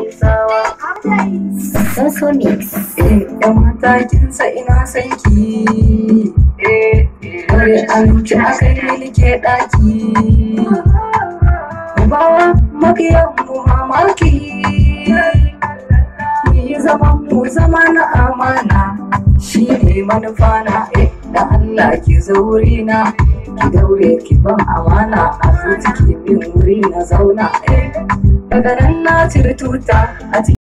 E, Soso mix. Yan matakinsa ina son ki. Wani aminci aka yi nike ɗaki. Bawa makiyan mu mamaki. Yi zaman mu zama na amana. Shi ne manufa na da Allah ki na. ki daure ki ban amana a zo min wuri na zauna eh, daga nan na ciri tuta a